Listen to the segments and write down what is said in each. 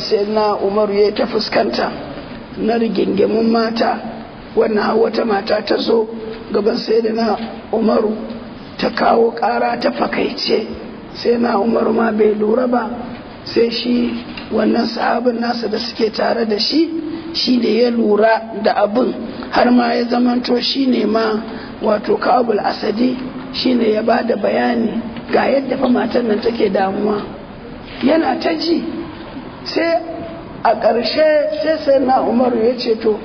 sai na umaru ya ta fuskanta na rigingimin mata wannan wata mata ta zo gaban sai da na umaru ta kawo ƙara ta fakaice sai na umaru ma bai lura ba sai shi wannan sahabin nasa da suke tare da shi shi da ya lura da abin har ma ya zamanto shi ne ma wato kabul asadi shi ne ya ba da bayani ga yadda fa matan nan take damuwa yana ta ji sai a ƙarshe sai sai na umaru ya ce to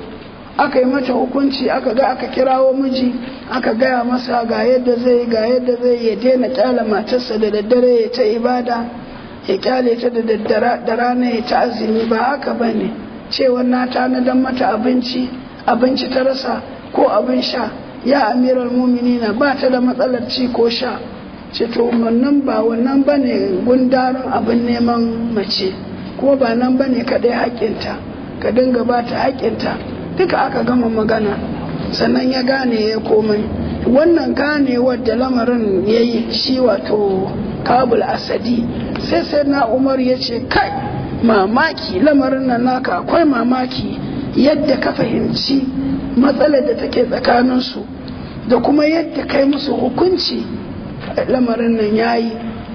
aka yi mata hukunci aka ga aka kirawo miji aka gaya masa ga yadda zai ga yadda zai ya daina kyala matarsa da daddare ya ta ibada ya kyale ta da daddara da rana ya ta azumi ba haka ba ne cewar na don mata abinci abinci ta rasa ko abin sha ya amiral muminina ba ta da matsalar ci ko sha ce to wannan ba wannan ba ne gundarin abin neman mace ko ba nan ba ne ka kaɗai haƙƙinta ka dinga ba ta haƙƙinta duka aka gama magana sannan ya gane ya komai wannan ganewar da lamarin ya yi shi wato kabul asadi sai sai na umar ya ce kai mamaki lamarin nan naka akwai mamaki yadda ka fahimci matsalar da take tsakaninsu da kuma yadda kai musu hukunci lamarin nan ya yi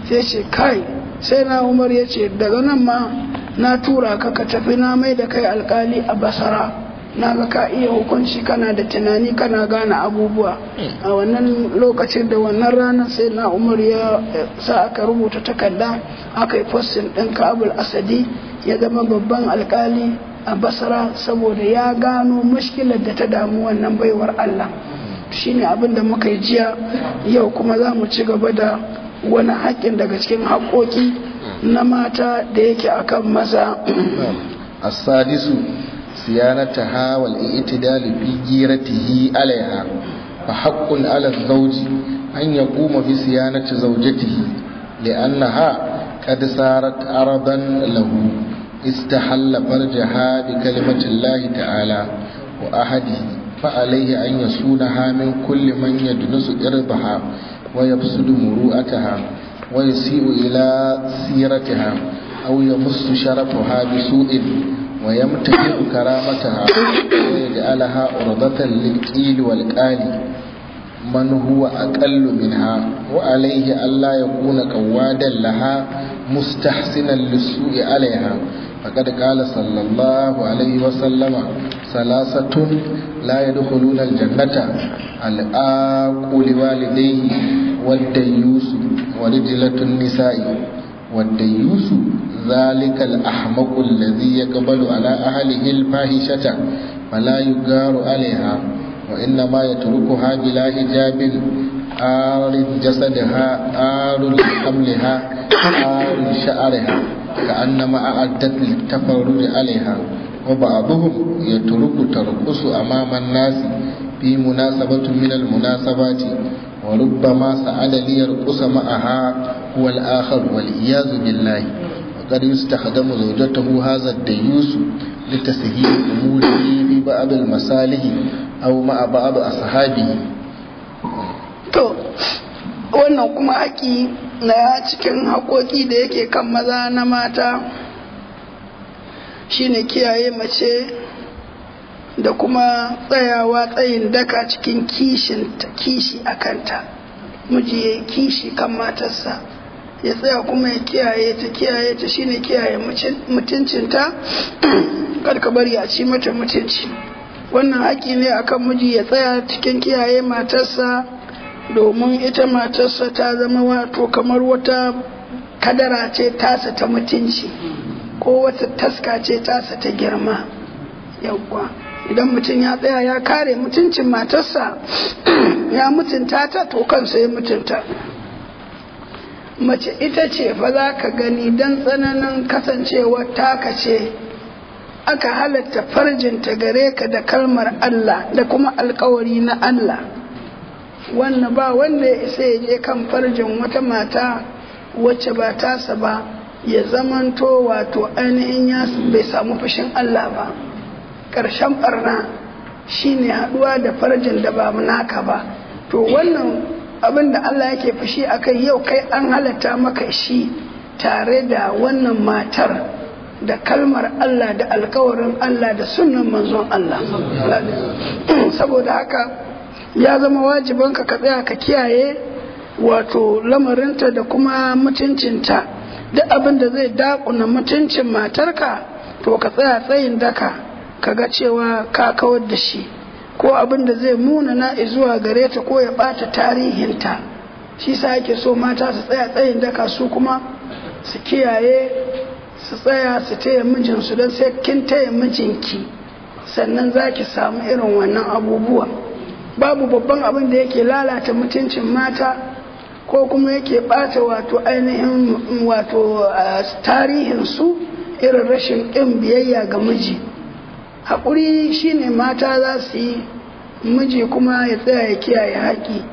sai ce kai sai na umar ya ce daga nan ma na tura ka ka tafi na mai da kai alkali a basara na ga ka iya hukunci kana da tunani kana gane abubuwa a wannan lokacin da wannan ranar sai na umar ya sa aka rubuta takarda aka yi postin ɗin kabul asadi ya zama babban alkali a basara saboda ya gano mashkilar da ta damu wannan baiwar allah shine abin da muka yi jiya yau kuma za mu ci gaba da wani haƙƙin daga cikin haƙƙoƙi na mata da yake akan maza asadisu sadisu siyanata ha wal i'tidal ta yi alaiha fa haqqun ala zauji, an yaquma bi siyanati zawjatihi li'annaha qad sarat aradan lahu istahalla farjaha bi kalimati Lahi ta'ala wa ahadihi فعليه ha, يصونها ya fi su يدنس إرضها ta ha. ويسيء إلى سيرتها أو يمس شرفها بسوء ويمتلئ كرامتها ويجعلها أرضة للقيل والقال من هو أقل منها وعليه ألا يكون قوادا لها mustahsinan lissu’i alaiha faƙad ƙala sallallahu alaihi wasallama salasatun la ya duka lunar jannata al’akuli walidai wadda yusu walijilatun nisa’i wadda yusu zalikal ahmakul lazi ya gabalu ala ahalihil fahishata ba la garu alaiha wa inna ma ya turuku ha bila hijabin عار جسدها عار حملها عار شعرها كأنما أعدت للتفرج عليها وبعضهم يترك ترقص أمام الناس في مناسبة من المناسبات وربما سعد ليرقص معها هو الآخر والعياذ بالله وقد يستخدم زوجته هذا الديوس لتسهيل أموره في بعض المصالح أو مع بعض أصحابه to wannan kuma haƙi na cikin haƙoƙi da yake kan maza na mata shine kiyaye mace da kuma tsayawa tsayin daka cikin kishi a kanta miji ya kishi kan matarsa ya tsaya kuma ya kiyaye ta kiyaye ta shine kiyaye mutuncinta karka bari a ci mata mutunci wannan haƙi ne akan miji ya tsaya cikin kiyaye matarsa domin ita matarsa ta zama wato kamar wata kadara ce tasa ta mutunci ko wata taska ce tasa ta girma yawwa idan mutum ya tsaya ya kare mutuncin matarsa ya mutunta ta to kansa ya mutunta mace ita ce fa za ka gani don tsananin kasancewar taka ce aka halatta farjinta gare ka da kalmar Allah da kuma alkawari na Allah wannan ba wanda ya isa ya je kan farjin wata mata wacce ba tasa ba ya zamanto wato ainihin ya bai samu fushin Allah ba ƙarshen shi ne haɗuwa da farjin da ba naka ba to wannan abin da Allah yake fashi a kai yau kai an halatta maka shi tare da wannan matar da kalmar Allah da alkawarin Allah da sunan manzon Allah saboda haka ya zama wajibanka ka tsaya ka kiyaye wato lamarinta da kuma mutuncinta duk abin da zai dakuna mutuncin matarka to ka tsaya tsayin daka ka ga cewa ka kawar da shi ko abin da zai na zuwa gare ta ko ya bata tarihinta shi sa ake so mata su tsaya tsayin daka su kuma su kiyaye su tsaya su taya mijinsu don sai kin taya mijinki sannan za ki samu irin wannan abubuwa. babu babban abin da yake lalata mutuncin mata ko kuma yake bata wato ainihin wato tarihinsu irin rashin ƙin biyayya ga miji haƙuri shine mata za su yi miji kuma ya tsaya ya kiyaye haƙi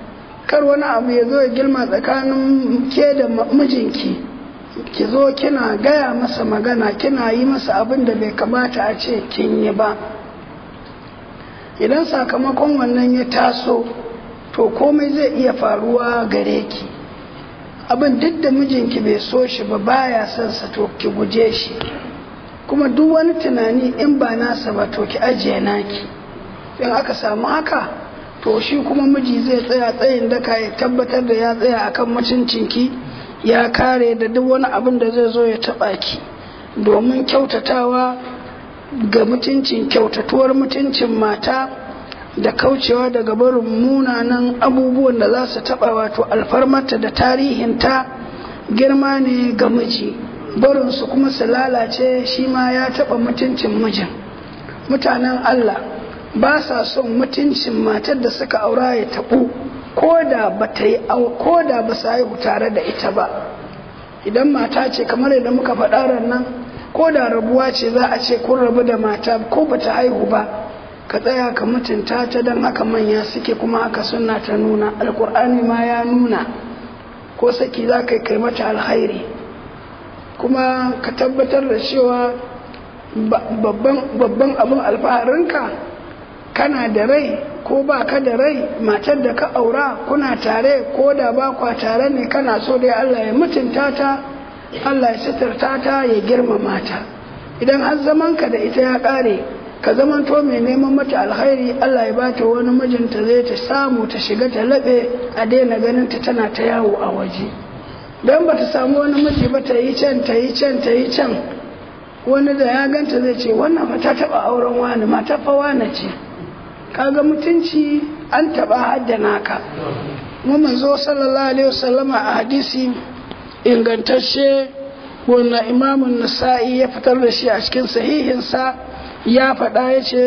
kar wani abu ya zo ya girma tsakanin ke da mijinki ki zo kina gaya masa magana kina yi masa abin da bai kamata a ce kin yi ba idan sakamakon wannan ya taso to komai zai iya faruwa gare ki abin duk da mijinki bai so shi ba baya son sa to ki guje shi kuma duk wani tunani in ba nasa ba to ki ajiye naki in aka samu haka to shi kuma miji zai tsaya tsayin daka ya tabbatar da ya tsaya akan mutuncinki ya kare da duk wani abin da zai zo ya taɓa ki domin kyautatawa ga mutuncin kyautatuwar mutuncin mata da kaucewa daga barin munanan abubuwan da za su taɓa wato alfarmata da tarihinta girma ne ga miji barinsu kuma su lalace shi ma ya taɓa mutuncin mijin mutanen allah ba sa son mutuncin matar da suka aura ya taɓo ko da ba ta yi ko da ba sa haihu tare da ita ba idan mata ce kamar yadda muka faɗa nan ko da rabuwa ce za a ce kun rabu da mata ko bata haihu ba ka tsaya ka mutunta ta don haka manya suke kuma haka sunna ta nuna alkur'ani ma ya nuna ko saki za ka kai mata alkhairi kuma ka tabbatar da cewa babban abin alfaharinka kana da rai ko ba ka da rai matar da ka aura kuna tare ko da ba kwa tare ne kana so dai allah ya mutunta ta Allah ya suturta ta ya girmama ta idan har zamanka da ita ya kare ka zamanto mai neman mata alkhairi Allah ya bata wani mijinta zai ta samu ta shiga ta laɓe a daina ganin ta tana ta yawo a waje dan bata samu wani miji ba ta yi can ta yi can ta yi can wani da ya ganta zai ce wannan fa ta taɓa auren wani mata fa wani ce kaga mutunci an taɓa haddana ka mu manzo sallallahu alaihi wasallama a hadisi ingantacce wannan imamun nasa'i ya fitar da shi a cikin sahihinsa ya faɗa ya ce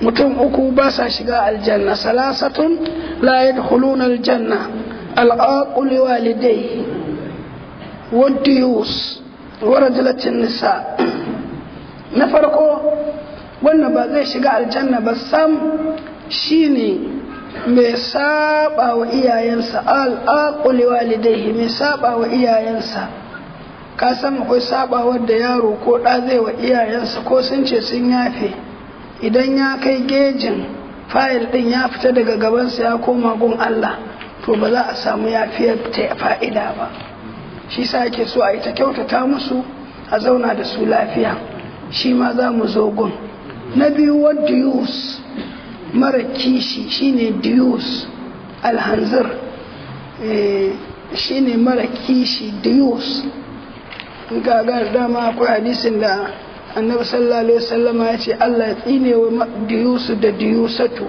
mutum uku ba sa shiga aljanna salasatun la yadkhuluna aljanna al'aqul walidai wadda yus warajalatin nisa na farko wannan ba zai shiga aljanna ba sam shine mai saba wa iyayensa al'aqul walidai mai saba wa iyayensa ka san akwai saba wadda yaro ko ɗa zai wa iyayensa ko sun ce sun yafe idan ya kai gejin fayil ɗin ya fita daga gabansa ya koma gun Allah to ba za a samu yafiyar ta fa'ida ba shi sa ke so a yi ta kyautata musu a zauna da su lafiya shi ma za mu zo gun na biyu what do mara kishi shine diyus alhanzir eh, shine mara kishi diyus gagar dama akwai hadisin da annabi sallallahu alaihi wasallama ya ce Allah tsine wa diyusu da diyusatu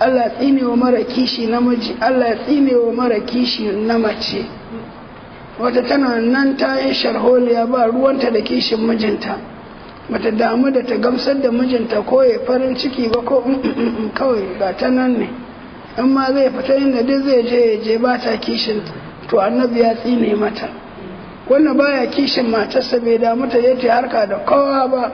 Allah tsine wa mara kishi namiji Allah tsine wa mara kishi na mace wata tana nan ta yi sharholiya ba ruwanta da kishin mijinta bata damu da ta gamsar da mijinta ko ya farin ciki ba ko kawai ga ta nan ne in ma zai fita inda duk zai je ya je ba ta kishin to annabi ya tsine mata wannan baya kishin matarsa bai damu ta je ta harka da kowa ba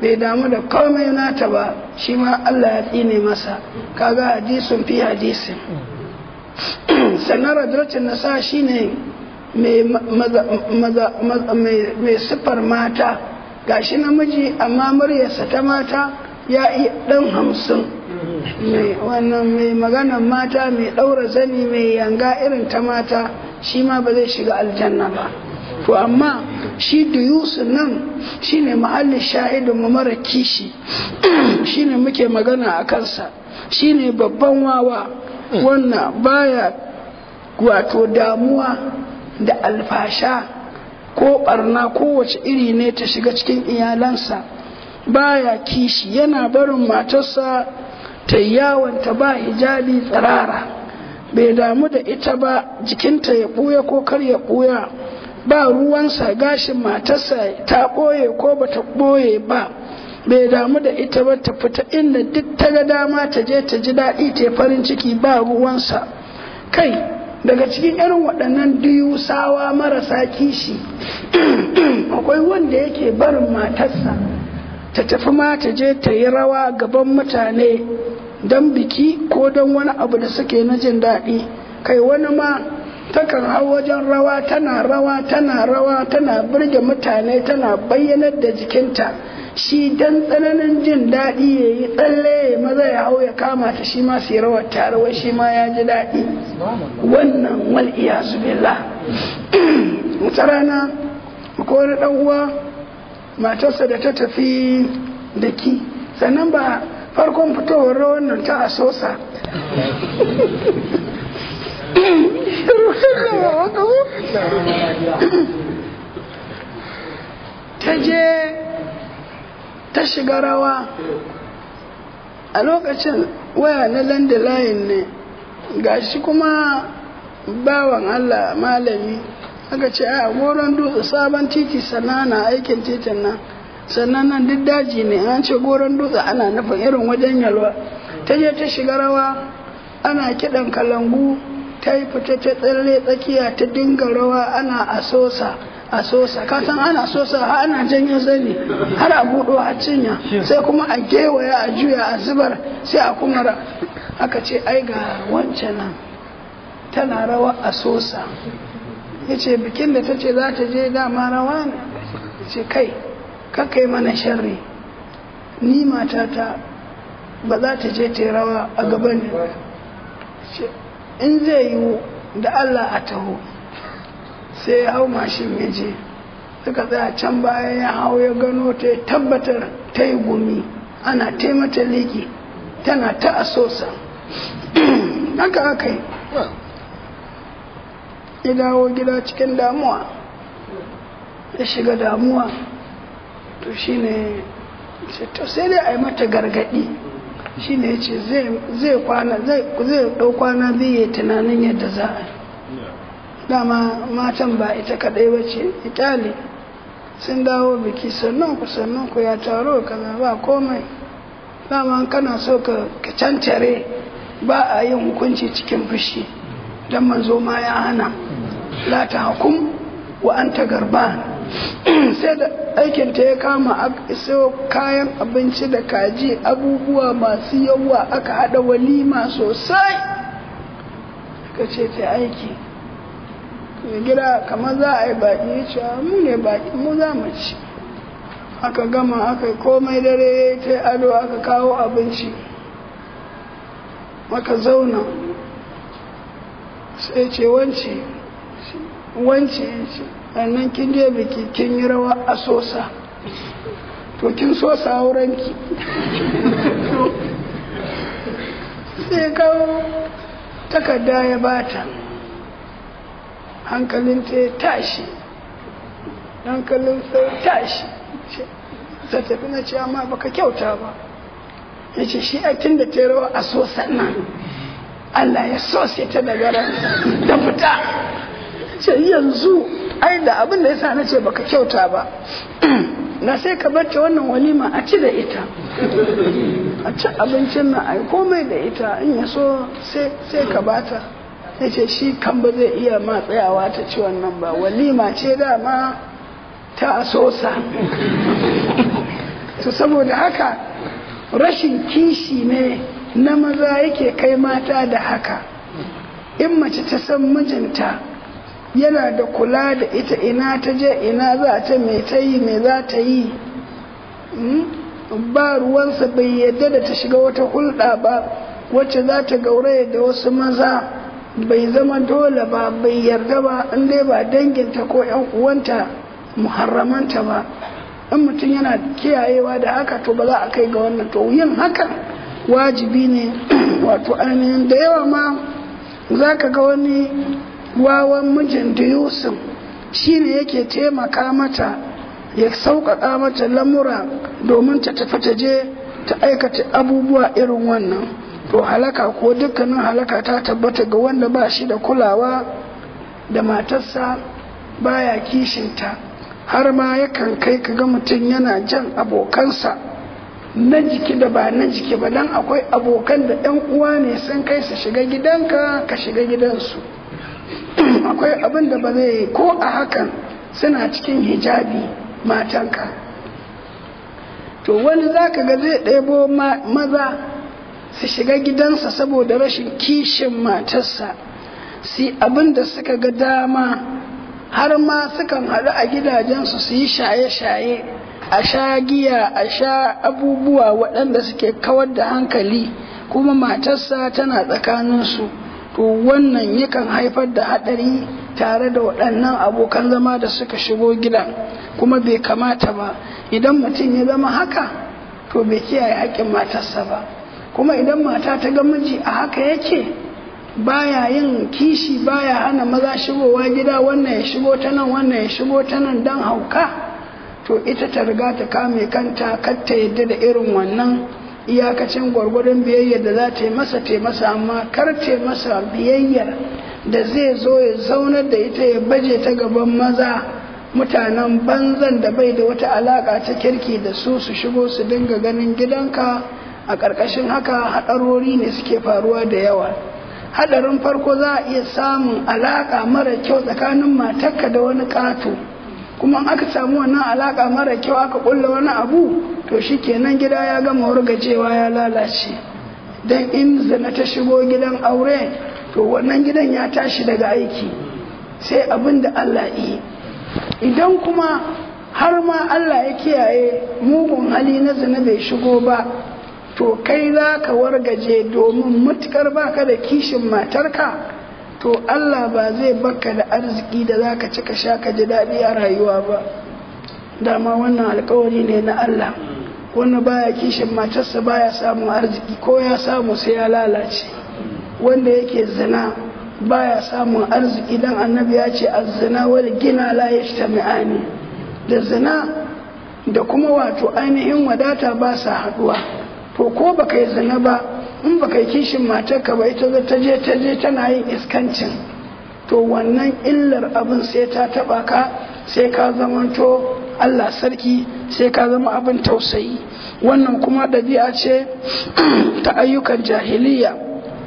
bai damu da komai nata ba shi ma Allah ya tsine masa kaga hadisin fi hadisin sannan radratin nasa shine mai siffar mata Ga shi namiji amma muryarsa ta mata ya iya ɗan hamsin wannan mai magana mata mai ɗaura zani mai yanga irin ta mata shi ma ba zai shiga aljanna ba to amma shi duyusu nan shi ne mahallin shahidin mu mara kishi shi ne muke magana a kansa shi ne babban wawa wannan baya wato damuwa da alfasha ko barna kowace iri ne ta shiga cikin iyalansa baya kishi yana barin matarsa ta yawanta ba hijabi tsirara bai damu da ita ba jikinta ya ɓuya ko kar ya ɓuya ba ruwansa gashin matarsa ta ɓoye ko ba ta ɓoye ba bai damu da ita ba ta fita inda duk ta ga dama ta je ta ji daɗi ta farin ciki ba ruwansa kai daga cikin irin waɗannan sawa marasa kishi akwai wanda yake barin matarsa ta tafi ma ta je ta yi rawa gaban mutane don biki ko don wani abu da suke na jin daɗi kai wani ma takan hau wajen rawa tana rawa tana rawa tana birge mutane tana bayyanar da jikinta shi dan tsananin jin daɗi ya yi tsalle maza ya hau ya kama ta shi ma sai rawar shi ma ya ji daɗi wannan wal iyazu billah wata rana ko wani ɗan uwa matarsa da ta tafi da ki sannan ba farkon fitowar rawar nan ta asosa ta je ta shiga rawa a lokacin waya na landline ne gashi kuma bawan allah malami aka ce a goron dutse sabon titi sannan na aikin titin nan sannan nan duk daji ne an ce goron dutse ana nufin irin wajen yalwa ta je ta shiga rawa ana kiɗan kalangu ta yi fita ta tsalle tsakiya ta dinga rawa ana asosa a sosa ana sosa har ana janyo zani har a buɗo a cinya sai kuma a gewaya a juya a zubar sai a kuma aka ce ai ga wancan nan tana rawa a sosa ya bikin da ta ce za ta je dama rawa ne ce kai kakai mana sharri ni matata ba za ta je ta rawa a gaban in zai yiwu da Allah a taho sai ya hau mashin ya je suka tsaya can bayan ya hau ya gano ta ya tabbatar ta yi gumi ana taimata liki tana ta asosa haka aka yi ya dawo gida cikin damuwa ya shiga damuwa to sai dai a yi mata gargadi shi ne ya ce zai kwana zai ɗau kwana zai yi tunanin yadda za yi dama matan ba ita kadai ba ce itali sun dawo biki sannan ku sannan ku ya taro kaza ba komai dama kana so ka cancare ba a yin hukunci cikin fushi don manzo ma ya hana la ta hukum wa an ta garba sai da aikinta ya kama iso kayan abinci da kaji abubuwa masu yawa aka hada walima sosai ka ce ta aiki mai gida kamar za a yi baƙi ce mu ne baƙi mu za mu ci aka gama aka yi komai dare ta ado aka kawo abinci aka zauna sai ce wance wance ce kin je biki kin yi rawa a sosa to kin sosa wuranki sai kawo takarda ya bata hankalinta ya tashi hankalinsa ya tashi ta tafi na ce amma baka kyauta ba ya ce shi tun da ta rawa a so sannan Allah ya so sai ta daga da fita ce yanzu ai da abin da ya sa na ce baka kyauta ba na sai ka barta wannan walima a ci da ita a ci abincin na ai komai da ita in ya so sai ka bata sai ce shi kan ba zai iya ma tsayawa ta ci wannan ba walima ce dama ta asosa to saboda haka rashin kishi ne na maza yake kai mata da haka in mace ta san mijinta yana da kula da ita ina ta je ina za ta mai ta yi mai za ta yi hmm? ba ruwansa bai yadda da ta shiga wata hulɗa ba wacce za ta gauraya da wasu maza bai zama dole ba bai yarda ba in dai ba danginta ko yan uwanta muharramanta ba in mutum yana kiyayewa da haka to ba za a kai ga wannan to yin haka wajibi ne wato ainihin da yawa ma za ka ga wani wawan mijin da yusuf shi ne yake taimaka mata ya sauƙaƙa mata lamura domin ta tafi ta je ta aikata abubuwa irin wannan to halaka ko dukkanin halaka ta tabbata ga wanda ba shi da kulawa da matarsa baya kishinta har ma yakan kai ka ga mutum yana jan abokansa na jiki da ba na jiki ba dan akwai abokan da ɗan uwa ne sun kai su shiga gidanka ka shiga gidansu akwai abin da ba zai ko a hakan suna cikin hijabi matanka to wani za ka ga zai ɗebo maza su shiga gidansa saboda rashin kishin matarsa su abin da suka ga dama har ma sukan haɗu a gidajensu su yi shaye-shaye a sha giya a sha abubuwa waɗanda suke kawar da hankali kuma matarsa tana tsakaninsu to wannan yakan haifar da haɗari tare da waɗannan abokan zama da suka shigo gidan kuma bai kamata ba idan mutum ya zama haka to bai kiyaye haƙƙin matarsa ba kuma idan mata ta ga miji a haka yake baya yin kishi baya hana maza shigowa gida wannan ya shigo ta nan wannan ya shigo ta nan don hauka to ita ta riga ta kame kanta kar ta yadda da irin wannan iyakacin gwargwadon biyayyar da za ta yi masa ta masa amma kar ta masa biyayyar da zai zo ya zaunar da ita ya baje ta gaban maza mutanen banzan da bai da wata alaka ta kirki da su su shigo su dinga ganin gidanka a ƙarƙashin haka haɗarori ne suke faruwa da yawa haɗarin farko za a iya samun alaƙa mara kyau tsakanin matarka da wani ƙato kuma aka samu wannan alaƙa mara kyau aka ƙulla wani abu to shi kenan gida ya gama wargajewa ya lalace don in Zana ta shigo gidan aure to wannan gidan ya tashi daga aiki sai abin da Allah yi idan kuma har ma Allah ya kiyaye mugun hali na Zana bai shigo ba to kai za ka wargaje domin matukar baka da kishin matarka to Allah ba zai baka da arziki da za ka ci ka sha ka ji daɗi a rayuwa ba dama wannan alkawari ne na Allah wani baya kishin matarsa baya samun arziki ko ya samu sai ya lalace wanda yake zina baya samun arziki dan annabi ya ce azzina wal gina la yajtami'ani da zina da kuma wato ainihin wadata ba sa haɗuwa to ko baka yi zina ba in baka yi kishin matarka ba ita ta je ta je tana yin iskancin to wannan illar abin sai ta taba ka sai ka zama zamanto Allah sarki sai ka zama abin tausayi wannan kuma ɗabi'a ce ta ayyukan jahiliya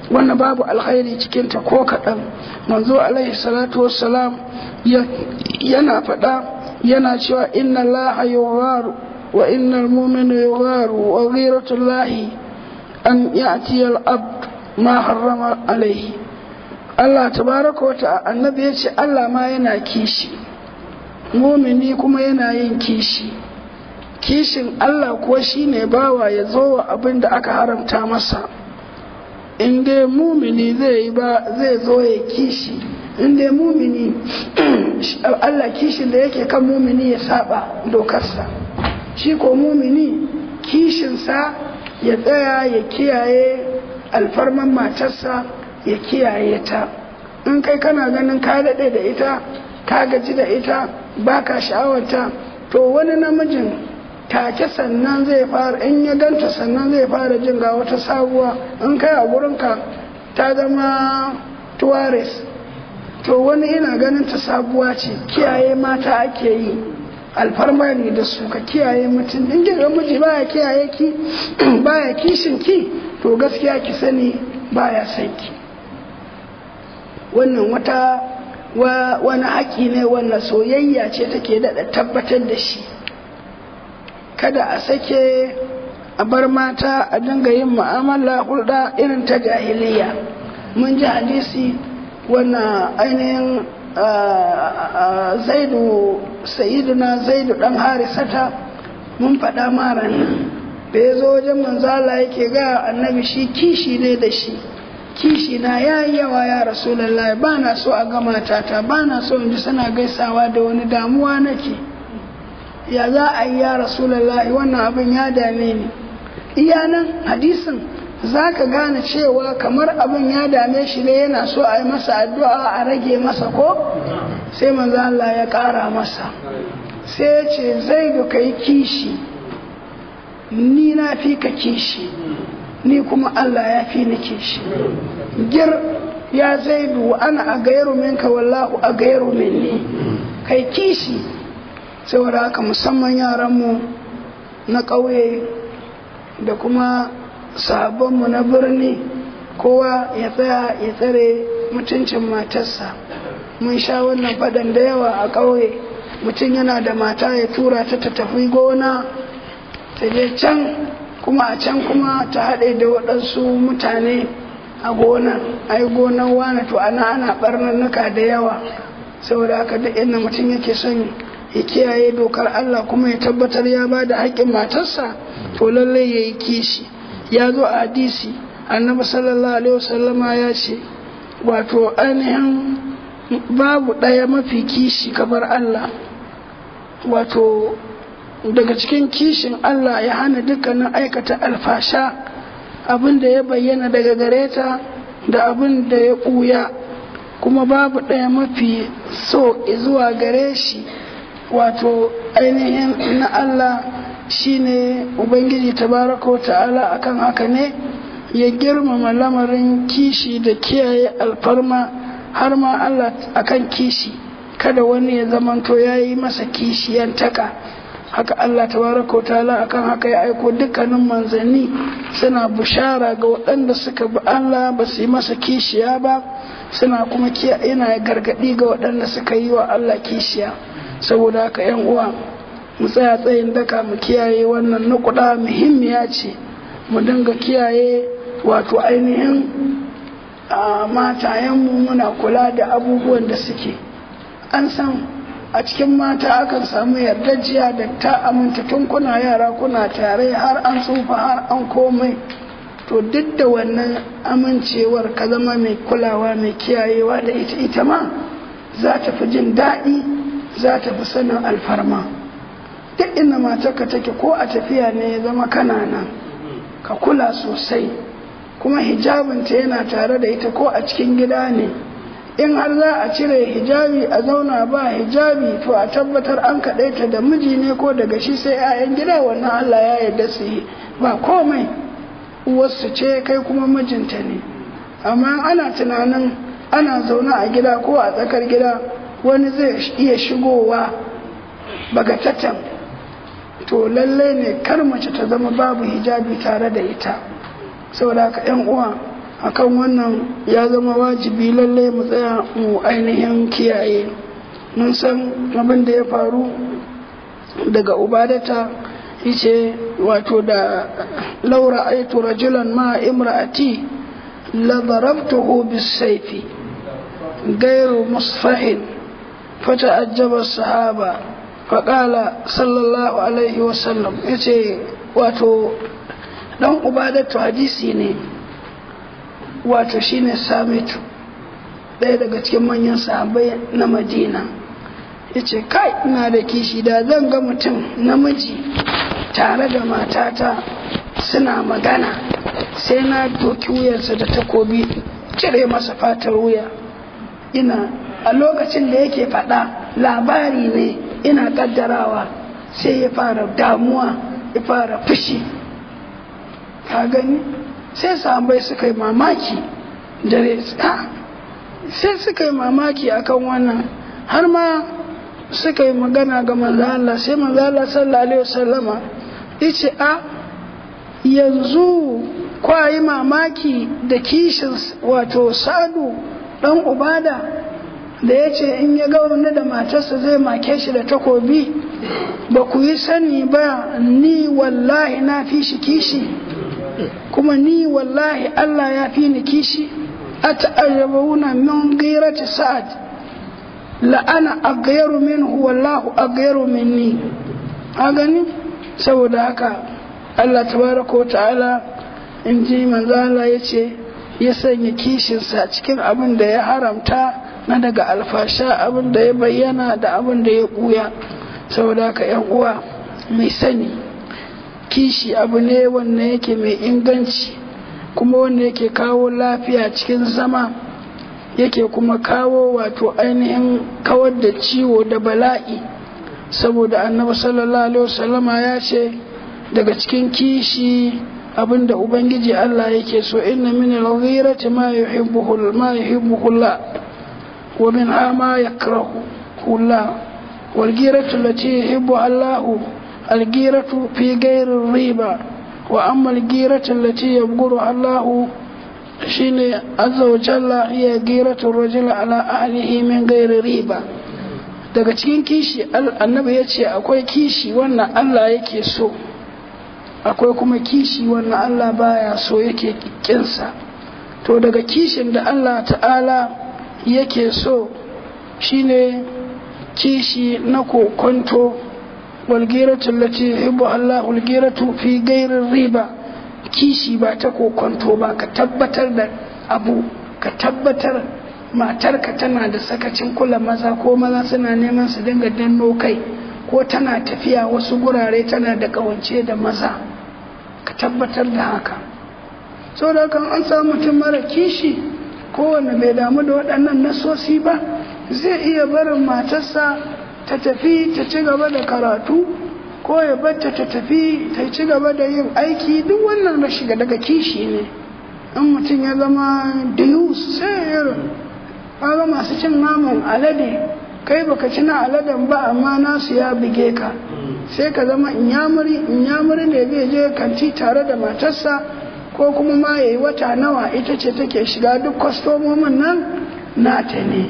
wannan babu alkhairi cikinta ko kaɗan manzo alaihi salatu wassalam yana faɗa yana cewa inna laha yuwaru وإن المؤمن يغار وغيرة الله أن يأتي الأبد ما حرم عليه Allah tabaraka wa ta'ala annabi ya ce Allah ma yana kishi mumini kuma yana yin kishi kishin Allah kuwa shine bawa ya zo wa abin da aka haramta masa in dai mumini zai ba zai zo ya kishi in dai Allah kishin da yake kan mumini ya saba dokarsa shi ko mumini kishinsa ya tsaya ya kiyaye alfarman matarsa ya kiyaye ta in kai kana ganin ka daɗe da ita ka gaji da ita baka sha'awarta to wani namijin take sannan zai fara in ya ganta sannan zai fara jin ga wata sabuwa in kai a gurinka ta zama tuwares to wani ina ganin ta sabuwa ce kiyaye mata ake yi alfarma ne da su ka kiyaye mutum in gidan miji ya kiyaye ki ba ya kishin ki to gaskiya ki sani baya san ki wannan wata wani haƙi ne wannan soyayya ce take daɗa tabbatar da shi kada a sake a bar mata a dinga yin mu'amala hulɗa irin ta jahiliya mun ji hadisi wannan ainihin zaidu sayiduna zaidu dan harisata mun faɗa mara da ya zo wajen manzala yake ga annabi shi kishi ne da shi kishi na ya yi yawa ya rasulallah ba na so a gama tata ba na so in ji suna gaisawa da wani damuwa nake ya za a yi ya rasulallah wannan abin ya dame ni iyanan hadisin za ka gane cewa kamar abin ya dame shi ne yana so a yi masa addu'a a rage masa ko sai manzo Allah ya ƙara masa sai ya ce zai ga kai kishi ni na fi ka kishi ni kuma Allah ya fi ni kishi gir ya zai bu ana a gairu minka wallahu a gairu minni kai kishi saboda haka musamman yaranmu na ƙauye da kuma Sabonmu na birni kowa ya tsaya ya tsare mutuncin matarsa mun sha wannan fadan da yawa a ƙauye mutum yana da mata ya tura ta ta tafi gona ta je can kuma a can kuma ta haɗe da waɗansu mutane a gona ai gona wani to ana ana ɓarnannuka da yawa saboda haka duk inda mutum yake son ya kiyaye dokar Allah kuma ya tabbatar ya ba da haƙƙin matarsa to lallai ya yi kishi ya zo a hadisi annabi sallallahu alaihi wasallama ya ce wato ainihin babu ɗaya mafi kishi kamar Allah wato daga cikin kishin Allah ya hana dukkanin aikata alfasha abin da ya bayyana daga gareta da abin da ya ɓuya kuma babu ɗaya mafi so zuwa gare shi wato ainihin na Allah shine ubangiji tabaraka wa ta'ala akan haka ne ya girmama lamarin kishi da kiyaye alfarma har ma Allah akan kishi kada wani ya zamanto ya yi masa kishiyantaka haka Allah tabaraka wa ta'ala akan haka ya aiko dukkanin manzanni suna bushara ga waɗanda suka bi Allah ba su yi masa kishiya ba suna kuma yana gargaɗi ga waɗanda suka yi wa Allah kishiya saboda haka 'yan uwa mu tsaya tsayin daka mu kiyaye wannan na kuɗa muhimmiya ce mu dinga kiyaye wato ainihin a matayenmu muna kula da abubuwan da suke an san a cikin mata akan samu yardajiya da ta aminta tun kuna yara kuna tare har an tsufa har an komai to duk da wannan amincewar ka zama mai kulawa mai kiyayewa da ita ita ma za ta fi jin daɗi za ta fi sanin alfarma duk inda matarka take ko a tafiya ne ya zama kanana ka kula sosai kuma hijabinta yana tare da ita ko a cikin gida ne in har za a cire hijabi a zauna ba hijabi to a tabbatar an kaɗaita da miji ne ko daga shi sai 'ya'yan gida wannan allah ya yarda su yi ba komai uwarsu ce kai kuma mijinta ne amma ana tunanin ana zaune a gida ko a tsakar gida wani zai iya shigowa bagatatan to lallai ne kar mace ta zama babu hijabi tare da ita saboda haka yan uwa akan wannan ya zama wajibi lallai mu tsaya mu ainihin kiyaye mun san abin da ya faru daga ubadata yace wato da laura aitu rajulan ma imra'ati la darabtuhu bisayfi musfahin fata ajaba sahaba faƙala sallallahu alaihi wasallam ya ce wato ɗan ubadatu hadisi ne wato shine samitu ɗaya daga cikin manyan sahabbai na madina ya ce kai ina da kishi da zan ga mutum namiji tare da matata suna magana sai na doki wuyarsa da takobi cire masa fatar wuya ina a lokacin da yake faɗa labari ne ina kaddarawa sai ya fara damuwa ya fara fushi ka gani sai sahabbai suka yi mamaki dare sai suka yi mamaki akan wannan har ma suka yi magana ga manzo Allah sai manzo Allah sallallahu alaihi wasallama yace a yanzu kwa yi mamaki da kishin wato sadu dan ubada da ya ce in ya ga wani da matarsa zai make shi da takobi ba ku yi sani ba ni wallahi na fi shi kishi kuma ni wallahi Allah ya fi ni kishi a wuna min gairati sa'ad la'ana a gairu min wallahu a gairu ni a gani saboda haka Allah tabaraka ta'ala in ji manzala ya ce ya sanya kishinsa cikin abin da ya haramta na daga alfasha abin da ya bayyana da abin da ya ɓuya saboda haka yan uwa mai sani kishi abu ne wanda yake mai inganci kuma wanda yake kawo lafiya cikin zama yake kuma kawo wato ainihin kawar da ciwo da bala'i saboda annabi sallallahu alaihi wasallama ya ce daga cikin kishi abinda ubangiji Allah yake so inna min al-ghirati ma yuhibbu ma yuhibbu ومن ما يكره الله والجيرة التي يحب الله الجيرة في غير الريبة وأما الجيرة التي يبغضها الله شين عز وجل هي جيرة الرجل على أهله من غير ريبة daga cikin kishi annabi ya ce akwai kishi wannan Allah yake so akwai kuma kishi wannan Allah baya so yake kinsa to daga kishin da Allah ta'ala yake so shine kishi na kokonto walgiratu lati yuhibbu Allah walgiratu fi gairin riba kishi ba ta kokonto ba ka tabbatar da abu ka tabbatar matarka tana da sakacin kula maza ko maza suna neman su dinga danno kai ko tana tafiya wasu gurare tana da kawance da maza ka tabbatar da haka saboda kan an samu mutum mara kishi kowane bai damu da waɗannan nasosi ba zai iya barin matarsa ta tafi ta ci gaba da karatu ko ya bata ta tafi ta ci gaba da yin aiki duk wannan na shiga daga kishi ne in mutum ya zama dayus sai irin ga masu cin naman alade kai baka ci na aladen ba amma nasu ya buge ka sai ka zama inyamuri inyamuri ne zai je kanti tare da matarsa ko kuma ma ya yi wata nawa ita ce take shiga duk kwastomomin nan na ta ne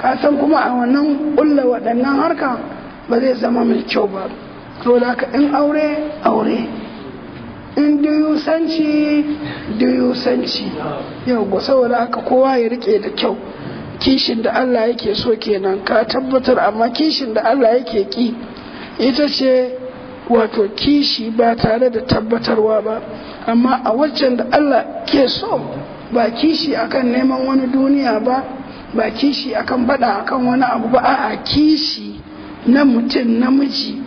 kasan kuma a wannan ƙulla waɗannan harka ba zai zama mai kyau ba da ka in aure aure in duyusanci duyusanci yau saboda haka kowa ya rike da kyau kishin da Allah yake so kenan ka tabbatar amma kishin da Allah yake ki ita ce wato kishi ba tare da tabbatarwa ba amma a waccan da Allah ke so ba kishi akan neman wani duniya ba ba kishi akan bada akan wani abu ba a kishi na mutum namiji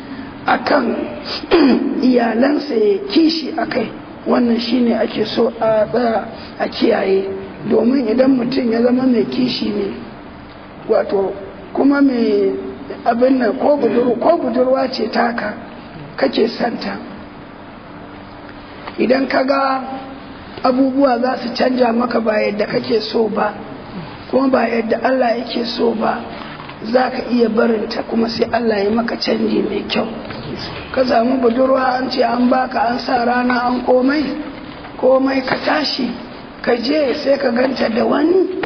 akan iyalansa ya kishi akai wannan shine ake so a tsaya a kiyaye domin idan mutum ya zama mai kishi ne wato kuma mai abin nan ko budurwa ce taka kake santa idan ka ga abubuwa za su canja maka ba yadda kake so ba kuma ba yadda Allah yake so ba za ka iya barinta kuma sai Allah ya maka canji mai kyau ka samu budurwa an ce an baka an sa rana an komai komai ka tashi ka je sai ka ganta da wani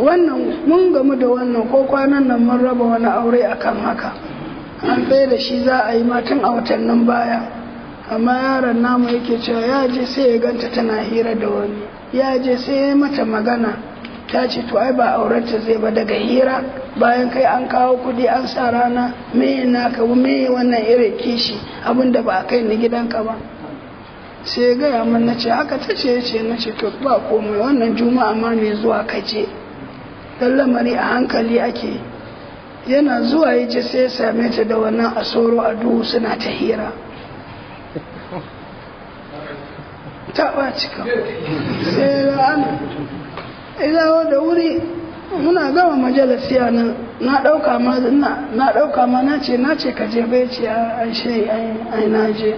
wannan mun gamu da wannan ko kwanan nan mun raba wani aure akan haka an tsaye da shi za a yi matan a watannin baya amma yaron namu yake cewa ya je sai ya ganta tana hira da wani ya je sai ya mata magana ta ce to ai ba aurenta zai ba daga hira bayan kai an kawo kudi an sa rana me na ka me wannan irin kishi abin da ba a kai ni gidanka ba sai ya gaya min na ce haka ta ce ya ce na ce to ba komai wannan juma'a ma mai zuwa ka je dan lamari a hankali ake yana zuwa ya ce sai ya same ta da wannan asoro a duhu suna ta hira ta ba cika sai ra'ana idawa da wuri muna gama majalisi a nan na ɗauka ma na ɗauka ma na ce na ce ka je bai ce an shi ai na je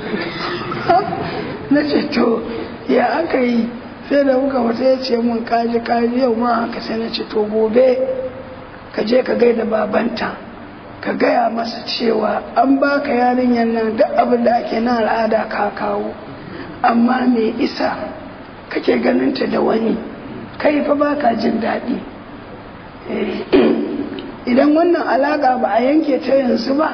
na ce to ya aka yi sai da muka wata ya ce mun kaji kaji yau ma aka sai na ce to gobe ka je ka gaida babanta ka gaya masa cewa an baka yarinyar nan duk abin da ake na al'ada ka kawo amma me isa kake ganinta da wani kai fa baka jin daɗi eh, idan wannan alaƙa ba a yanke ta yanzu ba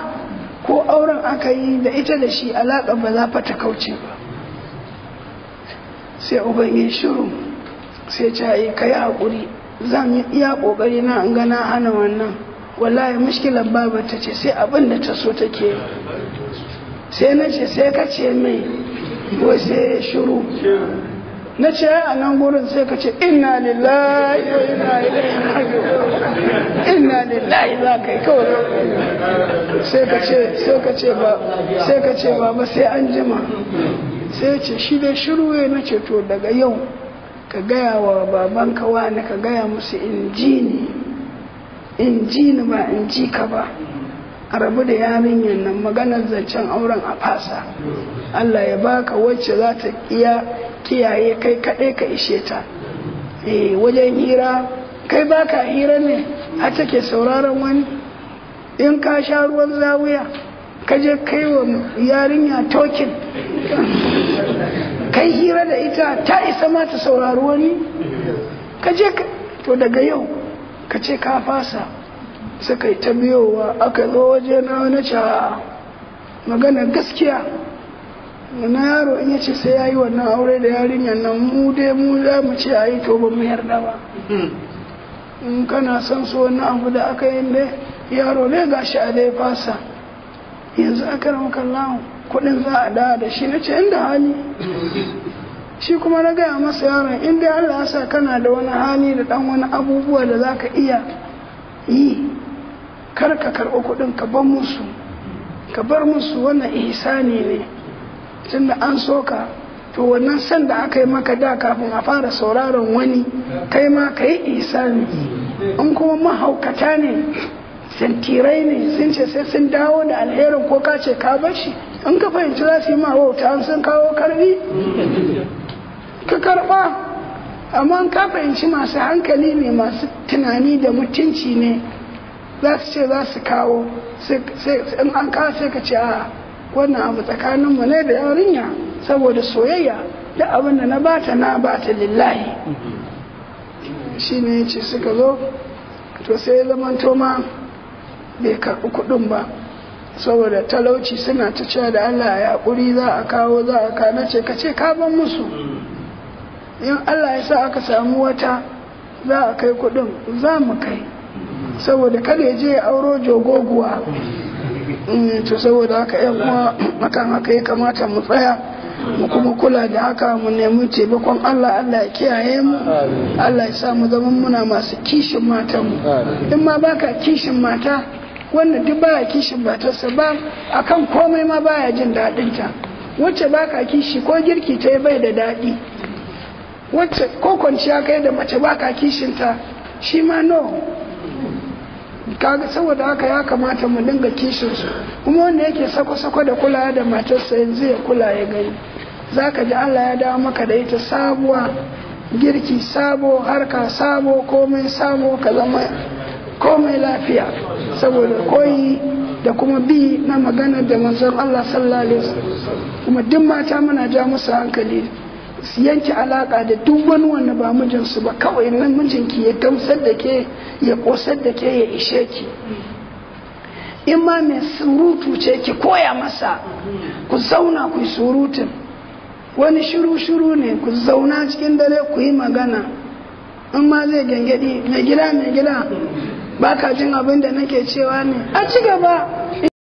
ko auren aka yi da ita da shi alaƙa ba za fa ta kauce ba sai uban yin shiru sai ta yi ka yi haƙuri zan yi iya ƙoƙari na an gana hana wannan wallahi mushkilan babu ta ce sai abin da ta so take sai na ce sai ka ce mai ko sai shiru na ce a nan gurin sai ka ce inna lillahi wa ina ilaihi raji'un inna lillahi za ka yi kawai sai ka ce sai ka ce ba sai ka ce ba sai an jima sai ce shi dai shiru ya na ce to daga yau ka gaya wa babanka wani ka gaya musu injini in ji ni ba in ji ka ba a rabu da yarinyar nan maganar zancen auren a fasa Allah ya baka wacce za ta kiyaye kai kaɗai ka ishe ta eh wajen hira kai baka hira ne a take sauraron wani in ka sha ruwan zawiya ka je kai wa yarinya tokin kai hira da ita ta isa ma ta saurari wani ka je to daga yau ka ce ka fasa suka yi ta biyowa aka zo waje na wani a magana gaskiya na yaro in yace sai ya yi wannan aure da yarinyar nan mu dai mu za mu ce a yi to ba mu yarda ba hmm. in kana son su wani abu da aka yi ne yaro ne ga shi a dai fasa yanzu aka ramu kallon kuɗin za a da da shi na ce inda hali shi kuma na gaya masa yaron in dai Allah ya sa kana da wani hali da dan wani abubuwa da za ka iya yi kar ka karɓi kuɗin ka bar musu ka bar musu wannan ihsani ne tunda an so ka to wannan san da aka yi maka da kafin a fara sauraron wani kai ma ka yi ihsani in kuma mahaukata ne sintirai ne sun ce sai sun dawo da alherin ko ka ce ka bar shi in ka fahimci za su yi ma wauta an sun kawo karbi ka karɓa amma ka fahimci masu hankali ne masu tunani da mutunci ne za su ce za su kawo in an kawo sai ka ce a wannan abu tsakaninmu ne da yarinya saboda soyayya da abin da na bata na bata lillahi shi ne ce suka zo to sai zaman ma bai karɓi kuɗin ba saboda talauci suna ta cewa da Allah ya haƙuri za a kawo za a kawo ce ka ce ka ban musu in Allah ya sa aka samu wata za a kai kudin za mu kai saboda kada ya je auro jogoguwa eh, to saboda haka yan kuma makan haka ya kamata mu tsaya mu kuma kula da haka mu nemi taimakon Allah Allah ya kiyaye mu Allah ya sa mu zama muna masu kishin matan mu in ma baka kishin mata wanda duk baya kishin matarsa ba akan komai ma baya jin daɗinta wacce baka kishi ko girki ta bai da daɗi wacce ko kwanciya kai da mace ba baka kishinta shi ma no kaga saboda haka ya kamata mu dinga kishin su kuma wanda yake sako-sako da kula da matarsa yanzu ya kula ya gani za ka ji Allah ya dawo maka da ita sabuwa girki sabo harka sabo komai sabo ka zama komai lafiya saboda koyi da kuma bi na magana da manzon Allah sallallahu alaihi wasallam kuma duk mata muna ja musu hankali su yanke alaka da duk wani wanda ba mijinsu ba kawai nan mijinki ya gamsar da ke ya kosar da ke ya ishe ki in ma mai surutu ce ki koya masa ku zauna ku surutun wani shiru-shiru ne ku zauna cikin dare ku yi magana in ma zai gangadi mai gida mai gida ba ka jin abin da nake cewa ne a ci gaba